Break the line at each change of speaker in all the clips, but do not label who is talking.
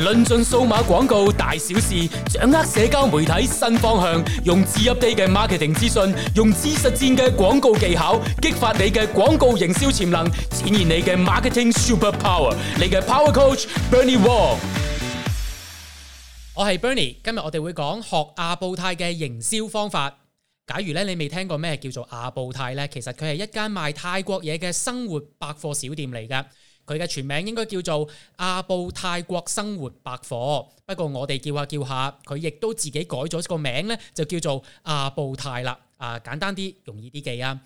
論盡數碼廣告大小事，掌握社交媒體新方向，用最 update 嘅 marketing 資訊，用最實戰嘅廣告技巧，激發你嘅廣告營銷潛能，展現你嘅 marketing super power。你嘅 power coach Bernie Wong，我係 Bernie，今日我哋會講學阿布泰嘅營銷方法。假如咧你未聽過咩叫做阿布泰咧，其實佢係一間賣泰國嘢嘅生活百貨小店嚟噶。佢嘅全名應該叫做阿布泰國生活百貨，不過我哋叫下叫下，佢亦都自己改咗個名咧，就叫做阿布泰啦。啊，簡單啲，容易啲記啊！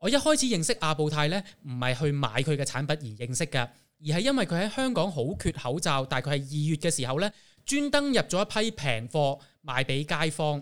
我一開始認識阿布泰咧，唔係去買佢嘅產品而認識㗎，而係因為佢喺香港好缺口罩，大概係二月嘅時候咧，專登入咗一批平貨賣俾街坊，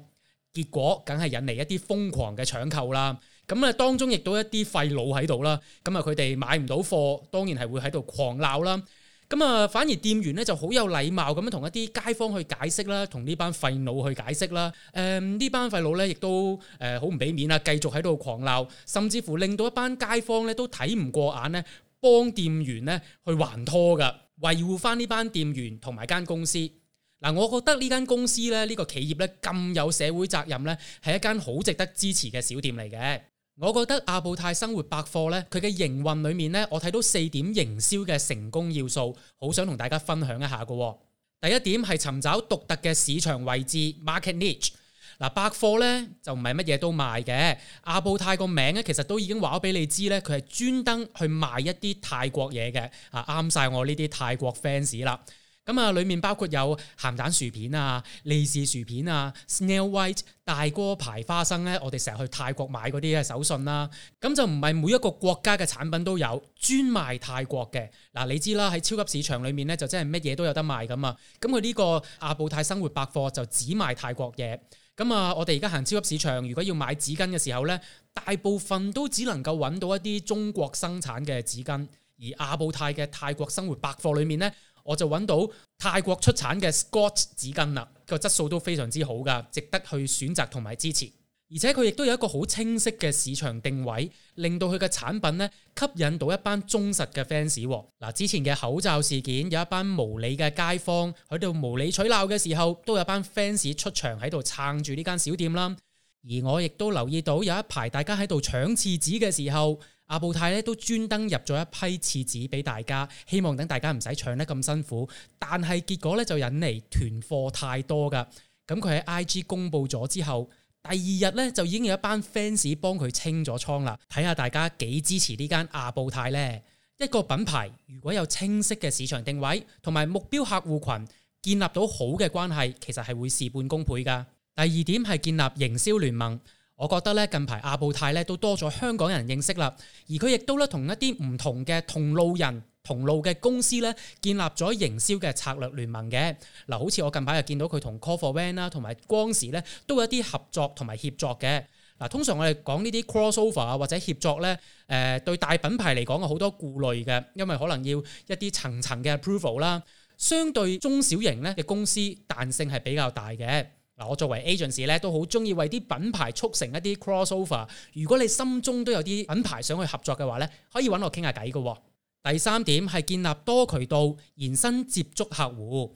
結果梗係引嚟一啲瘋狂嘅搶購啦。咁啊，當中亦都一啲廢佬喺度啦。咁啊，佢哋買唔到貨，當然係會喺度狂鬧啦。咁啊，反而店員咧就好有禮貌咁樣同一啲街坊去解釋啦，同呢班廢佬去解釋啦。誒、嗯，呢班廢佬咧亦都誒好唔俾面啦，繼續喺度狂鬧，甚至乎令到一班街坊咧都睇唔過眼咧，幫店員咧去還拖噶，維護翻呢班店員同埋間公司。嗱，我覺得呢間公司咧，呢、呢個企業咧咁有社會責任咧，係一間好值得支持嘅小店嚟嘅。我覺得阿布泰生活百貨咧，佢嘅營運裏面咧，我睇到四點營銷嘅成功要素，好想同大家分享一下噶。第一點係尋找獨特嘅市場位置 （market niche）。嗱，百貨咧就唔係乜嘢都賣嘅，阿布泰個名咧其實都已經話咗俾你知咧，佢係專登去賣一啲泰國嘢嘅，啊啱晒我呢啲泰國 fans 啦。咁啊，裏面包括有鹹蛋薯片啊、利是薯片啊、Snail White 大鍋牌花生咧，我哋成日去泰國買嗰啲嘅手信啦、啊。咁就唔係每一個國家嘅產品都有，專賣泰國嘅。嗱、啊，你知啦，喺超級市場裏面咧，就真係乜嘢都有得賣噶嘛。咁佢呢個阿布泰生活百貨就只賣泰國嘢。咁啊，我哋而家行超級市場，如果要買紙巾嘅時候咧，大部分都只能夠揾到一啲中國生產嘅紙巾，而阿布泰嘅泰國生活百貨裏面咧。我就揾到泰國出產嘅 Scott 紙巾啦，個質素都非常之好噶，值得去選擇同埋支持。而且佢亦都有一個好清晰嘅市場定位，令到佢嘅產品呢，吸引到一班忠實嘅 fans。嗱，之前嘅口罩事件，有一班無理嘅街坊喺度無理取鬧嘅時候，都有班 fans 出場喺度撐住呢間小店啦。而我亦都留意到有一排大家喺度搶廁紙嘅時候。阿布泰咧都專登入咗一批廁紙俾大家，希望等大家唔使搶得咁辛苦。但係結果咧就引嚟囤貨太多噶。咁佢喺 IG 公布咗之後，第二日咧就已經有一班 fans 幫佢清咗倉啦。睇下大家幾支持呢間阿布泰呢？一個品牌如果有清晰嘅市場定位同埋目標客戶群，建立到好嘅關係，其實係會事半功倍噶。第二點係建立營銷聯盟。我覺得咧近排阿布泰咧都多咗香港人認識啦，而佢亦都咧同一啲唔同嘅同路人、同路嘅公司咧建立咗營銷嘅策略聯盟嘅。嗱，好似我近排就見到佢同 Call for Van 啦，同埋光時咧都有一啲合作同埋協作嘅。嗱，通常我哋講呢啲 crossover 啊或者協作咧，誒對大品牌嚟講有好多顧慮嘅，因為可能要一啲層層嘅 approval 啦。相對中小型咧嘅公司彈性係比較大嘅。我作為 agents 咧，都好中意為啲品牌促成一啲 crossover。如果你心中都有啲品牌想去合作嘅話咧，可以揾我傾下偈嘅。第三點係建立多渠道延伸接觸客戶。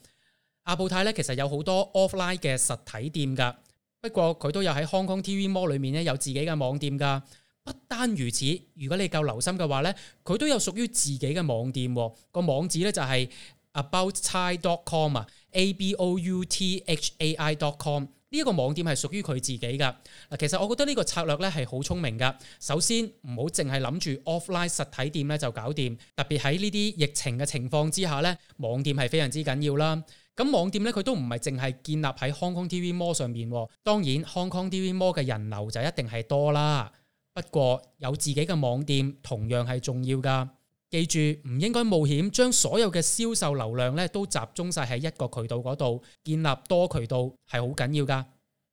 阿布泰咧，其實有好多 offline 嘅實體店噶，不過佢都有喺 HKTV Mall 裏面咧有自己嘅網店噶。不單如此，如果你夠留心嘅話咧，佢都有屬於自己嘅網店，個網址咧就係 abouthai.com 啊。Abouthai.com 呢個網店係屬於佢自己㗎。嗱，其實我覺得呢個策略咧係好聰明㗎。首先唔好淨係諗住 offline 實體店咧就搞掂，特別喺呢啲疫情嘅情況之下咧，網店係非常之緊要啦。咁網店咧佢都唔係淨係建立喺 Hong Kong TV Mall 上面。當然 Hong Kong TV Mall 嘅人流就一定係多啦。不過有自己嘅網店同樣係重要㗎。記住唔應該冒險將所有嘅銷售流量咧都集中晒喺一個渠道嗰度，建立多渠道係好緊要噶。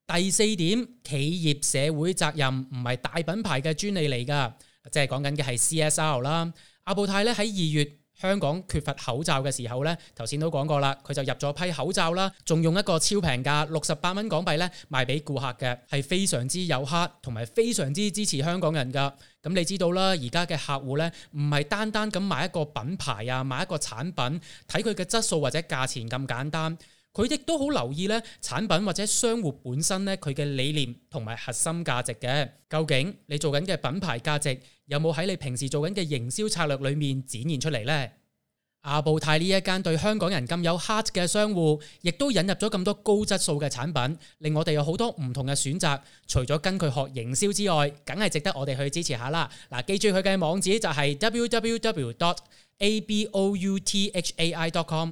第四點，企業社會責任唔係大品牌嘅專利嚟噶，即係講緊嘅係 CSR 啦。阿布泰咧喺二月。香港缺乏口罩嘅時候呢，頭先都講過啦，佢就入咗批口罩啦，仲用一個超平價六十八蚊港幣呢，賣俾顧客嘅，係非常之有心，同埋非常之支持香港人噶。咁你知道啦，而家嘅客戶呢，唔係單單咁買一個品牌啊，買一個產品，睇佢嘅質素或者價錢咁簡單。佢亦都好留意咧，產品或者商戶本身咧，佢嘅理念同埋核心價值嘅，究竟你做緊嘅品牌價值有冇喺你平時做緊嘅營銷策略裏面展現出嚟呢？阿布泰呢一間對香港人咁有 heart 嘅商戶，亦都引入咗咁多高質素嘅產品，令我哋有好多唔同嘅選擇。除咗跟佢學營銷之外，梗係值得我哋去支持下啦！嗱，記住佢嘅網址就係 www.abouthai.com。